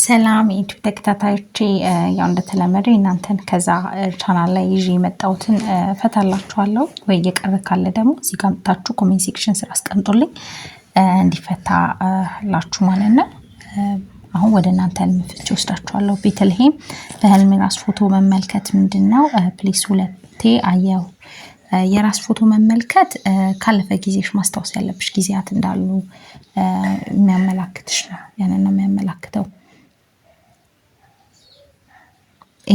ሰላም ዩቱብ ተከታታዮቼ፣ ያው እንደተለመደው እናንተን ከዛ ቻናል ላይ ይዤ የመጣሁትን ፈታላችኋለሁ ወይ እየቀረ ካለ ደግሞ እዚህ ጋር መጣችሁ ኮሜንት ሴክሽን ስራ አስቀምጡልኝ እንዲፈታላችሁ ማለት ነው። አሁን ወደ እናንተ ህልም ፍቺ ወስዳችኋለሁ። ቤተልሔም በህልም የራስ ፎቶ መመልከት ምንድን ነው? ፕሊስ ሁለቴ አየው። የራስ ፎቶ መመልከት ካለፈ ጊዜሽ ማስታወስ ያለብሽ ጊዜያት እንዳሉ የሚያመላክትሽ ነው። ያንን ነው የሚያመላክተው።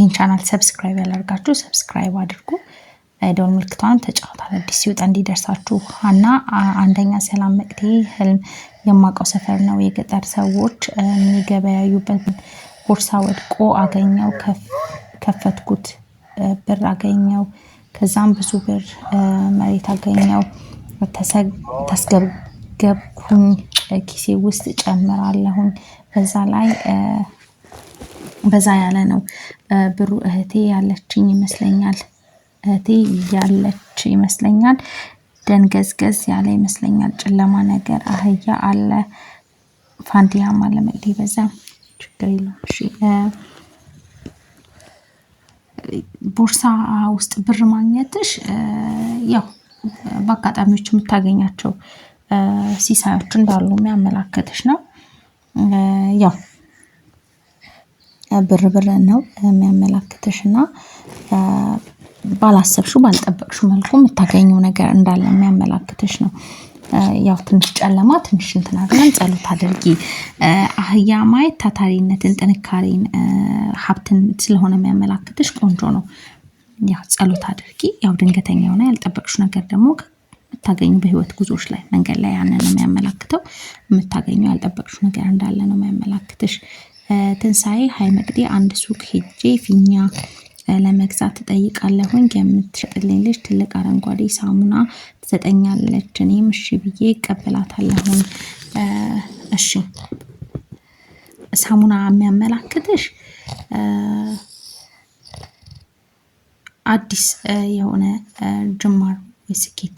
ይህን ቻናል ሰብስክራይብ ያላርጋችሁ ሰብስክራይብ አድርጉ። ደወል ምልክቷንም ተጫወታል። አዲስ ሲወጣ እንዲደርሳችሁ። እና አንደኛ ሰላም መቅዴ ህልም የማውቀው ሰፈር ነው። የገጠር ሰዎች የሚገበያዩበት ቦርሳ ወድቆ አገኘው። ከፈትኩት ብር አገኘው። ከዛም ብዙ ብር መሬት አገኘው። ተስገብገብኩኝ ኪሴ ውስጥ ጨምራለሁኝ በዛ ላይ በዛ ያለ ነው ብሩ። እህቴ ያለችኝ ይመስለኛል። እህቴ ያለች ይመስለኛል። ደንገዝገዝ ያለ ይመስለኛል። ጨለማ ነገር አህያ አለ ፋንዲያም አለ በዛ ችግር የለውም። ቦርሳ ውስጥ ብር ማግኘትሽ ያው በአጋጣሚዎች የምታገኛቸው ሲሳዮች እንዳሉ የሚያመላክትሽ ነው ያው ብርብር ነው የሚያመላክትሽ እና ባላሰብሹ ባልጠበቅሽው መልኩ የምታገኘው ነገር እንዳለ የሚያመላክትሽ ነው። ያው ትንሽ ጨለማ ትንሽ እንትን ጸሎት አድርጊ። አህያ ማየት ታታሪነትን ጥንካሬን ሀብትን ስለሆነ የሚያመላክትሽ ቆንጆ ነው። ያው ጸሎት አድርጊ ያው ድንገተኛ የሆነ ያልጠበቅሹ ነገር ደግሞ የምታገኙ በህይወት ጉዞዎች ላይ መንገድ ላይ ያንን ነው የሚያመላክተው። የምታገኙ ያልጠበቅሽው ነገር እንዳለ ነው የሚያመላክትሽ ትንሣኤ ሀይ መቅዲ አንድ ሱቅ ሄጄ ፊኛ ለመግዛት ትጠይቃለሁኝ የምትሸጥልኝ ልጅ ትልቅ አረንጓዴ ሳሙና ትሰጠኛለች። እኔም እሺ ብዬ ይቀበላታለሁኝ። እሺ ሳሙና የሚያመላክትሽ አዲስ የሆነ ጅማር የስኬት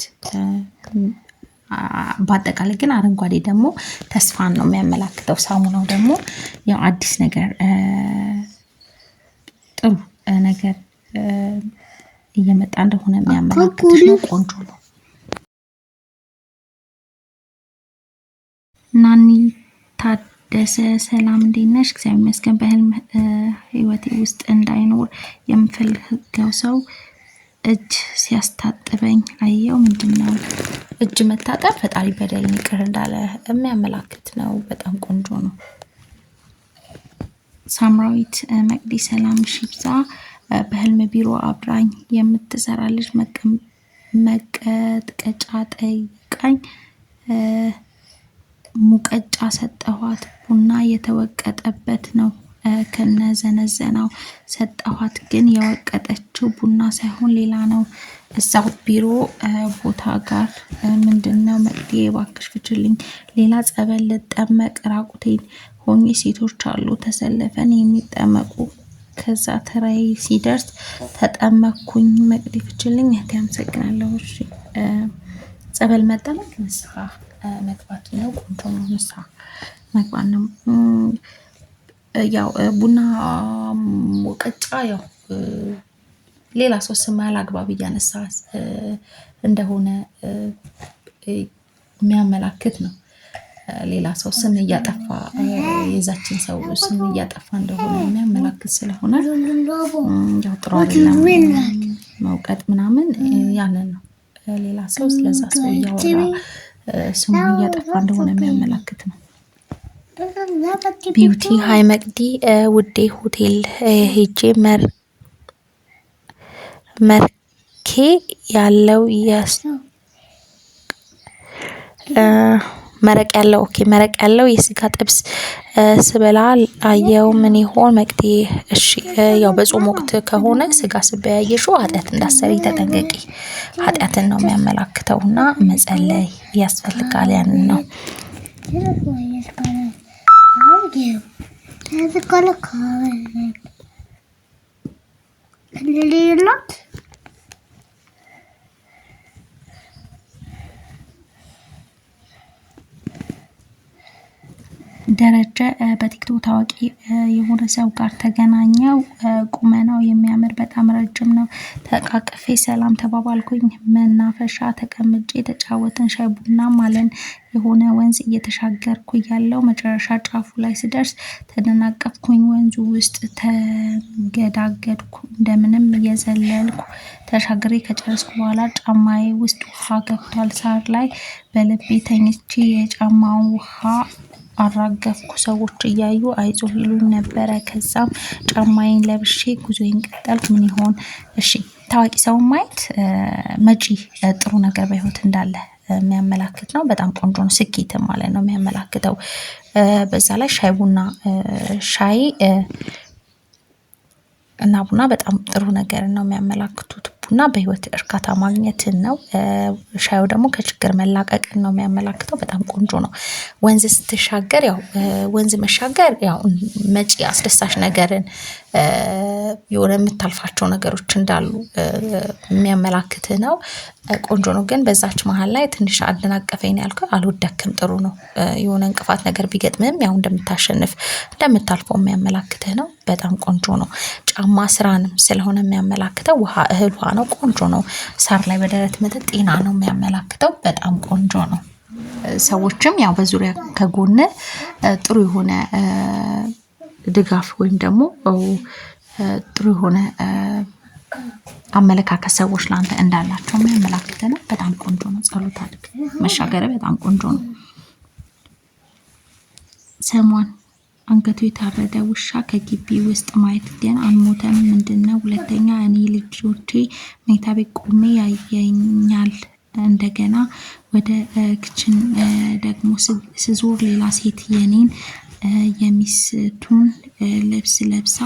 በአጠቃላይ ግን አረንጓዴ ደግሞ ተስፋን ነው የሚያመላክተው። ሳሙናው ደግሞ ያው አዲስ ነገር ጥሩ ነገር እየመጣ እንደሆነ የሚያመላክት ነው። ቆንጆ ነው። ናኒ ታደሰ ሰላም፣ እንዴት ነሽ? እግዚአብሔር ይመስገን። በህልም ህይወቴ ውስጥ እንዳይኖር የምፈልገው ሰው እጅ ሲያስታጥበኝ አየው። ምንድን ነው እጅ መታጠብ ፈጣሪ በደል ይቅር እንዳለ የሚያመላክት ነው። በጣም ቆንጆ ነው። ሳምራዊት መቅዲ ሰላም ሽብዛ በህልም ቢሮ አብራኝ የምትሰራ ልጅ መቀጥቀጫ ጠይቃኝ ሙቀጫ ሰጠኋት። ቡና የተወቀጠበት ነው። ከነዘነዘናው ሰጠኋት። ግን የወቀጠችው ቡና ሳይሆን ሌላ ነው። እዛው ቢሮ ቦታ ጋር ምንድን ነው መቅዲ የባክሽ ፍችልኝ። ሌላ ጸበል ልጠመቅ ራቁቴን ሆኜ ሴቶች አሉ ተሰለፈን የሚጠመቁ ከዛ ተራይ ሲደርስ ተጠመኩኝ። መቅዲ ፍችልኝ። እህቴ አመሰግናለሁ። ጸበል መጠመቅ ንስሐ መግባት ነው። ቆንጆ ነው። ንስሐ መግባት ነው። ያው ቡና ሙቀጫ ያው ሌላ ሰው ስም አላግባብ እያነሳ እንደሆነ የሚያመላክት ነው። ሌላ ሰው ስም እያጠፋ የዛችን ሰው ስም እያጠፋ እንደሆነ የሚያመላክት ስለሆነ ያው ጥሩ መውቀጥ ምናምን ያንን ነው። ሌላ ሰው ስለዛ ሰው እያወራ ስሙ እያጠፋ እንደሆነ የሚያመላክት ነው። ቢዩቲ ሀይ መቅዲ ውዴ ሆቴል ሄጄ መርኬ ያለው መረቅ ያለው ኦኬ፣ መረቅ ያለው የስጋ ጥብስ ስበላ አየው። ምን ይሆን መቅዲ? እሺ፣ ያው በጾም ወቅት ከሆነ ስጋ ስበያየሹ ኃጢአት እንዳሰሪ ተጠንቀቂ። ኃጢአትን ነው የሚያመላክተው የሚያመላክተውና መጸለይ ያስፈልጋል። ያንን ነው you. There's a color card. And then you're not. ደረጀ በቲክቶክ ታዋቂ የሆነ ሰው ጋር ተገናኘው። ቁመናው የሚያምር በጣም ረጅም ነው። ተቃቅፌ ሰላም ተባባልኩኝ። መናፈሻ ተቀምጬ ተጫወትን። ሻይ ቡና ማለን የሆነ ወንዝ እየተሻገርኩ ያለው መጨረሻ ጫፉ ላይ ስደርስ ተደናቀፍኩኝ። ወንዙ ውስጥ ተገዳገድኩ። እንደምንም እየዘለልኩ ተሻግሬ ከጨረስኩ በኋላ ጫማዬ ውስጥ ውሃ ገብቷል። ሳር ላይ በልቤ ተኝቼ የጫማውን ውሃ አራገፍኩ ሰዎች እያዩ አይዞ ይሉኝ ነበረ። ከዛም ጫማዬን ለብሼ ጉዞዬን ቀጠልኩ። ምን ይሆን እሺ ታዋቂ ሰው ማየት መጪ ጥሩ ነገር በህይወት እንዳለ የሚያመላክት ነው። በጣም ቆንጆ ነው። ስኬት ማለት ነው የሚያመላክተው። በዛ ላይ ሻይ ቡና ሻይ እና ቡና በጣም ጥሩ ነገር ነው የሚያመላክቱት። እና በህይወት እርካታ ማግኘትን ነው። ሻዩ ደግሞ ከችግር መላቀቅን ነው የሚያመላክተው። በጣም ቆንጆ ነው። ወንዝ ስትሻገር ያው ወንዝ መሻገር ያው መጪ አስደሳች ነገርን የሆነ የምታልፋቸው ነገሮች እንዳሉ የሚያመላክት ነው። ቆንጆ ነው። ግን በዛች መሀል ላይ ትንሽ አደናቀፈኝ ያልከው። አልወደክም፣ ጥሩ ነው። የሆነ እንቅፋት ነገር ቢገጥምም ያው እንደምታሸንፍ እንደምታልፈው የሚያመላክትህ ነው። በጣም ቆንጆ ነው። ጫማ ስራንም ስለሆነ የሚያመላክተው ውሃ እህል ውሃ ነው። ነው። ቆንጆ ነው። ሳር ላይ በደረት መጠጥ ጤና ነው የሚያመላክተው። በጣም ቆንጆ ነው። ሰዎችም ያው በዙሪያ ከጎነ ጥሩ የሆነ ድጋፍ ወይም ደግሞ ጥሩ የሆነ አመለካከት ሰዎች ለአንተ እንዳላቸው የሚያመላክት ነው። በጣም ቆንጆ ነው። ጸሎት አድርግ። መሻገሪያ በጣም ቆንጆ ነው። ሰሟን አንገቱ የታረደ ውሻ ከግቢ ውስጥ ማየት ግን አልሞተም ምንድነው? ሁለተኛ እኔ ልጆቼ መኝታ ቤት ቆሜ ያየኛል። እንደገና ወደ ክችን ደግሞ ስዞር ሌላ ሴት የኔን የሚስቱን ልብስ ለብሳ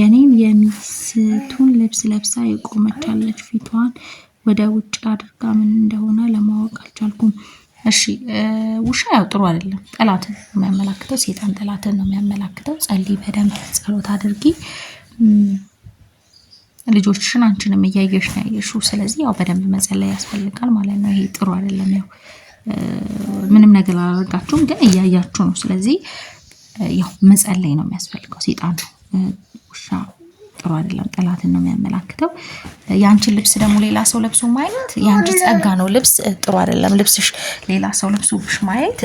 የኔን የሚስቱን ልብስ ለብሳ የቆመቻለች። ፊቷን ወደ ውጭ አድርጋ ምን እንደሆነ ለማወቅ አልቻልኩም። እሺ ውሻ ያው ጥሩ አይደለም። ጠላትን ነው የሚያመላክተው። ሴጣን ጠላትን ነው የሚያመላክተው። ጸልይ፣ በደንብ ጸሎት አድርጊ። ልጆችሽን አንቺንም እያየሽ ነው ያየሽው። ስለዚህ ያው በደንብ መጸለይ ያስፈልጋል ማለት ነው። ይሄ ጥሩ አይደለም። ያው ምንም ነገር አላደርጋችሁም፣ ግን እያያችሁ ነው። ስለዚህ ያው መጸለይ ነው የሚያስፈልገው። ሴጣን ነው ውሻ ጥሩ አይደለም፣ ጠላትን ነው የሚያመላክተው። የአንቺን ልብስ ደግሞ ሌላ ሰው ለብሶ ማየት የአንቺ ጸጋ ነው፣ ልብስ ጥሩ አይደለም። ልብስሽ ሌላ ሰው ለብሶብሽ ማየት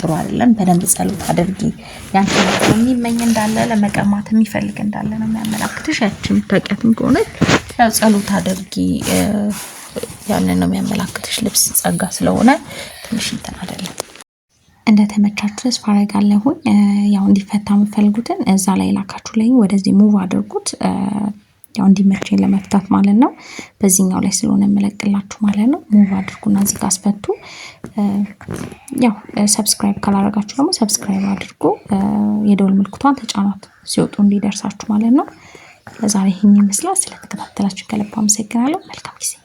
ጥሩ አይደለም። በደንብ ጸሎት አድርጊ። የአንቺ የሚመኝ እንዳለ ለመቀማት የሚፈልግ እንዳለ ነው የሚያመላክትሽ። ያቺ የምታውቂያትም ከሆነች ያው ጸሎት አድርጊ፣ ያንን ነው የሚያመላክትሽ። ልብስ ጸጋ ስለሆነ ትንሽ እንትን አይደለም። እንደተመቻችሁ ተስፋ አደርጋለሁኝ። ያው እንዲፈታ የምፈልጉትን እዛ ላይ ላይ ወደዚህ ሙቭ አድርጉት። ያው እንዲመቸኝ ለመፍታት ማለት ነው። በዚህኛው ላይ ስለሆነ የምለቅላችሁ ማለት ነው። ሙቭ አድርጉና እዚህ ጋር አስፈቱ። ያው ሰብስክራይብ ካላረጋችሁ ደግሞ ሰብስክራይብ አድርጉ፣ የደወል ምልክቷን ተጫኗት ሲወጡ እንዲደርሳችሁ ማለት ነው። ለዛሬ ይህን ይመስላል። ስለተከታተላችሁ ከልብ አመሰግናለሁ። መልካም ጊዜ